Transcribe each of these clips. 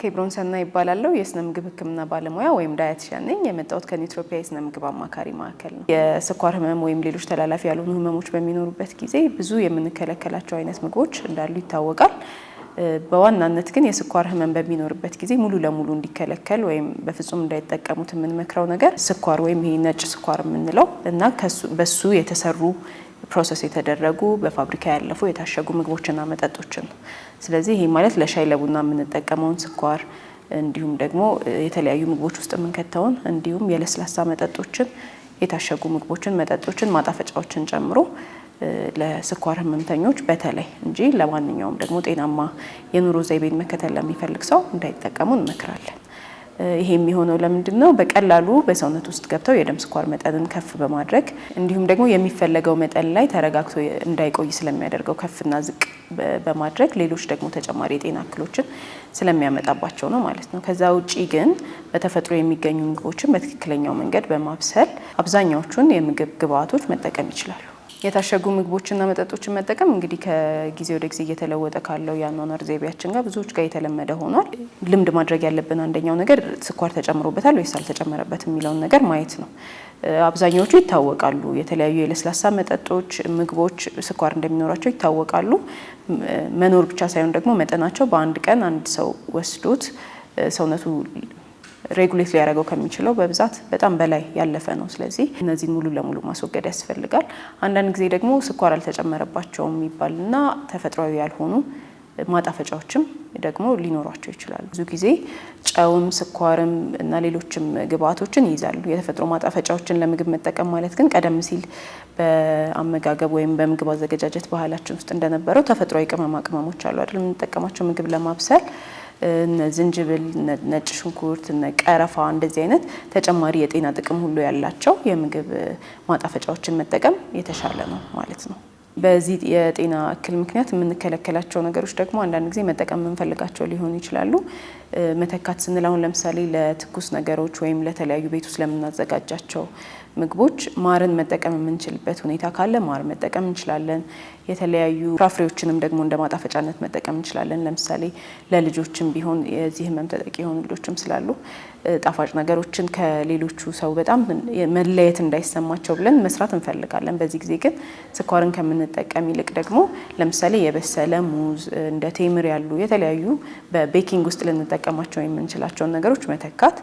ኬብሮን ሰናይ ይባላለሁ። የስነ ምግብ ሕክምና ባለሙያ ወይም ዳያቲሽያን ነኝ። የመጣሁት ከኢትዮጵያ የስነ ምግብ አማካሪ ማዕከል ነው። የስኳር ህመም ወይም ሌሎች ተላላፊ ያልሆኑ ህመሞች በሚኖሩበት ጊዜ ብዙ የምንከለከላቸው አይነት ምግቦች እንዳሉ ይታወቃል። በዋናነት ግን የስኳር ህመም በሚኖርበት ጊዜ ሙሉ ለሙሉ እንዲከለከል ወይም በፍጹም እንዳይጠቀሙት የምንመክረው ነገር ስኳር ወይም ይሄ ነጭ ስኳር የምንለው እና በሱ የተሰሩ ፕሮሰስ የተደረጉ በፋብሪካ ያለፉ የታሸጉ ምግቦችና መጠጦችን ነው። ስለዚህ ይህ ማለት ለሻይ ለቡና የምንጠቀመውን ስኳር እንዲሁም ደግሞ የተለያዩ ምግቦች ውስጥ የምንከተውን እንዲሁም የለስላሳ መጠጦችን የታሸጉ ምግቦችን፣ መጠጦችን፣ ማጣፈጫዎችን ጨምሮ ለስኳር ህመምተኞች በተለይ እንጂ ለማንኛውም ደግሞ ጤናማ የኑሮ ዘይቤን መከተል ለሚፈልግ ሰው እንዳይጠቀሙ እንመክራለን። ይሄ የሚሆነው ለምንድን ነው? በቀላሉ በሰውነት ውስጥ ገብተው የደም ስኳር መጠንን ከፍ በማድረግ እንዲሁም ደግሞ የሚፈለገው መጠን ላይ ተረጋግቶ እንዳይቆይ ስለሚያደርገው ከፍና ዝቅ በማድረግ ሌሎች ደግሞ ተጨማሪ የጤና እክሎችን ስለሚያመጣባቸው ነው ማለት ነው። ከዛ ውጪ ግን በተፈጥሮ የሚገኙ ምግቦችን በትክክለኛው መንገድ በማብሰል አብዛኛዎቹን የምግብ ግብዓቶች መጠቀም ይችላሉ። የታሸጉ ምግቦችና መጠጦችን መጠቀም እንግዲህ ከጊዜ ወደ ጊዜ እየተለወጠ ካለው የአኗኗር ዘይቤያችን ጋር ብዙዎች ጋር የተለመደ ሆኗል። ልምድ ማድረግ ያለብን አንደኛው ነገር ስኳር ተጨምሮበታል ወይስ አልተጨመረበት የሚለውን ነገር ማየት ነው። አብዛኛዎቹ ይታወቃሉ። የተለያዩ የለስላሳ መጠጦች፣ ምግቦች ስኳር እንደሚኖራቸው ይታወቃሉ። መኖር ብቻ ሳይሆን ደግሞ መጠናቸው በአንድ ቀን አንድ ሰው ወስዶት ሰውነቱ ሬጉሌት ሊያደርገው ከሚችለው በብዛት በጣም በላይ ያለፈ ነው። ስለዚህ እነዚህን ሙሉ ለሙሉ ማስወገድ ያስፈልጋል። አንዳንድ ጊዜ ደግሞ ስኳር አልተጨመረባቸውም የሚባልና ተፈጥሯዊ ያልሆኑ ማጣፈጫዎችም ደግሞ ሊኖሯቸው ይችላሉ። ብዙ ጊዜ ጨውም ስኳርም እና ሌሎችም ግብአቶችን ይይዛሉ። የተፈጥሮ ማጣፈጫዎችን ለምግብ መጠቀም ማለት ግን ቀደም ሲል በአመጋገብ ወይም በምግብ አዘገጃጀት ባህላችን ውስጥ እንደነበረው ተፈጥሯዊ ቅመማ ቅመሞች አሉ አይደል? የምንጠቀማቸው ምግብ ለማብሰል ዝንጅብል፣ ነጭ ሽንኩርት፣ ቀረፋ እንደዚህ አይነት ተጨማሪ የጤና ጥቅም ሁሉ ያላቸው የምግብ ማጣፈጫዎችን መጠቀም የተሻለ ነው ማለት ነው። በዚህ የጤና እክል ምክንያት የምንከለከላቸው ነገሮች ደግሞ አንዳንድ ጊዜ መጠቀም የምንፈልጋቸው ሊሆኑ ይችላሉ። መተካት ስንል አሁን ለምሳሌ ለትኩስ ነገሮች ወይም ለተለያዩ ቤት ውስጥ ለምናዘጋጃቸው ምግቦች ማርን መጠቀም የምንችልበት ሁኔታ ካለ ማር መጠቀም እንችላለን። የተለያዩ ፍራፍሬዎችንም ደግሞ እንደ ማጣፈጫነት መጠቀም እንችላለን። ለምሳሌ ለልጆችም ቢሆን የዚህ ህመም ተጠቂ የሆኑ ልጆችም ስላሉ ጣፋጭ ነገሮችን ከሌሎቹ ሰው በጣም መለየት እንዳይሰማቸው ብለን መስራት እንፈልጋለን። በዚህ ጊዜ ግን ስኳርን ከምን ከምንጠቀም ይልቅ ደግሞ ለምሳሌ የበሰለ ሙዝ እንደ ቴምር ያሉ የተለያዩ በቤኪንግ ውስጥ ልንጠቀማቸው የምንችላቸውን ነገሮች መተካት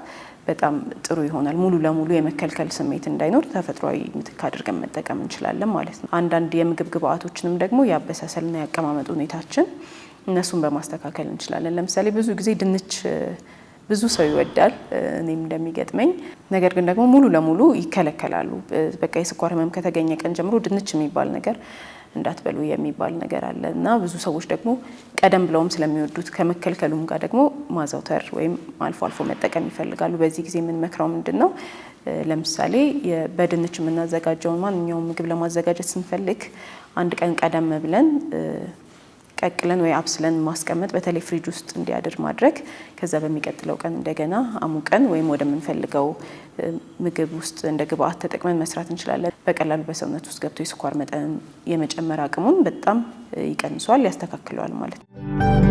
በጣም ጥሩ ይሆናል። ሙሉ ለሙሉ የመከልከል ስሜት እንዳይኖር ተፈጥሯዊ ምትክ አድርገን መጠቀም እንችላለን ማለት ነው። አንዳንድ የምግብ ግብአቶችንም ደግሞ የአበሳሰልና የአቀማመጥ ሁኔታችን እነሱን በማስተካከል እንችላለን። ለምሳሌ ብዙ ጊዜ ድንች ብዙ ሰው ይወዳል፣ እኔም እንደሚገጥመኝ ነገር ግን ደግሞ ሙሉ ለሙሉ ይከለከላሉ። በቃ የስኳር ህመም ከተገኘ ቀን ጀምሮ ድንች የሚባል ነገር እንዳትበሉ የሚባል ነገር አለ እና ብዙ ሰዎች ደግሞ ቀደም ብለውም ስለሚወዱት ከመከልከሉም ጋር ደግሞ ማዘውተር ወይም አልፎ አልፎ መጠቀም ይፈልጋሉ። በዚህ ጊዜ የምንመክረው ምንድን ነው? ለምሳሌ በድንች የምናዘጋጀውን ማንኛውም ምግብ ለማዘጋጀት ስንፈልግ አንድ ቀን ቀደም ብለን ቀቅለን ወይ አብስለን ማስቀመጥ በተለይ ፍሪጅ ውስጥ እንዲያድር ማድረግ ከዛ በሚቀጥለው ቀን እንደገና አሙቀን ወይም ወደምንፈልገው ምግብ ውስጥ እንደ ግብአት ተጠቅመን መስራት እንችላለን። በቀላሉ በሰውነት ውስጥ ገብቶ የስኳር መጠን የመጨመር አቅሙን በጣም ይቀንሷል፣ ያስተካክለዋል ማለት ነው።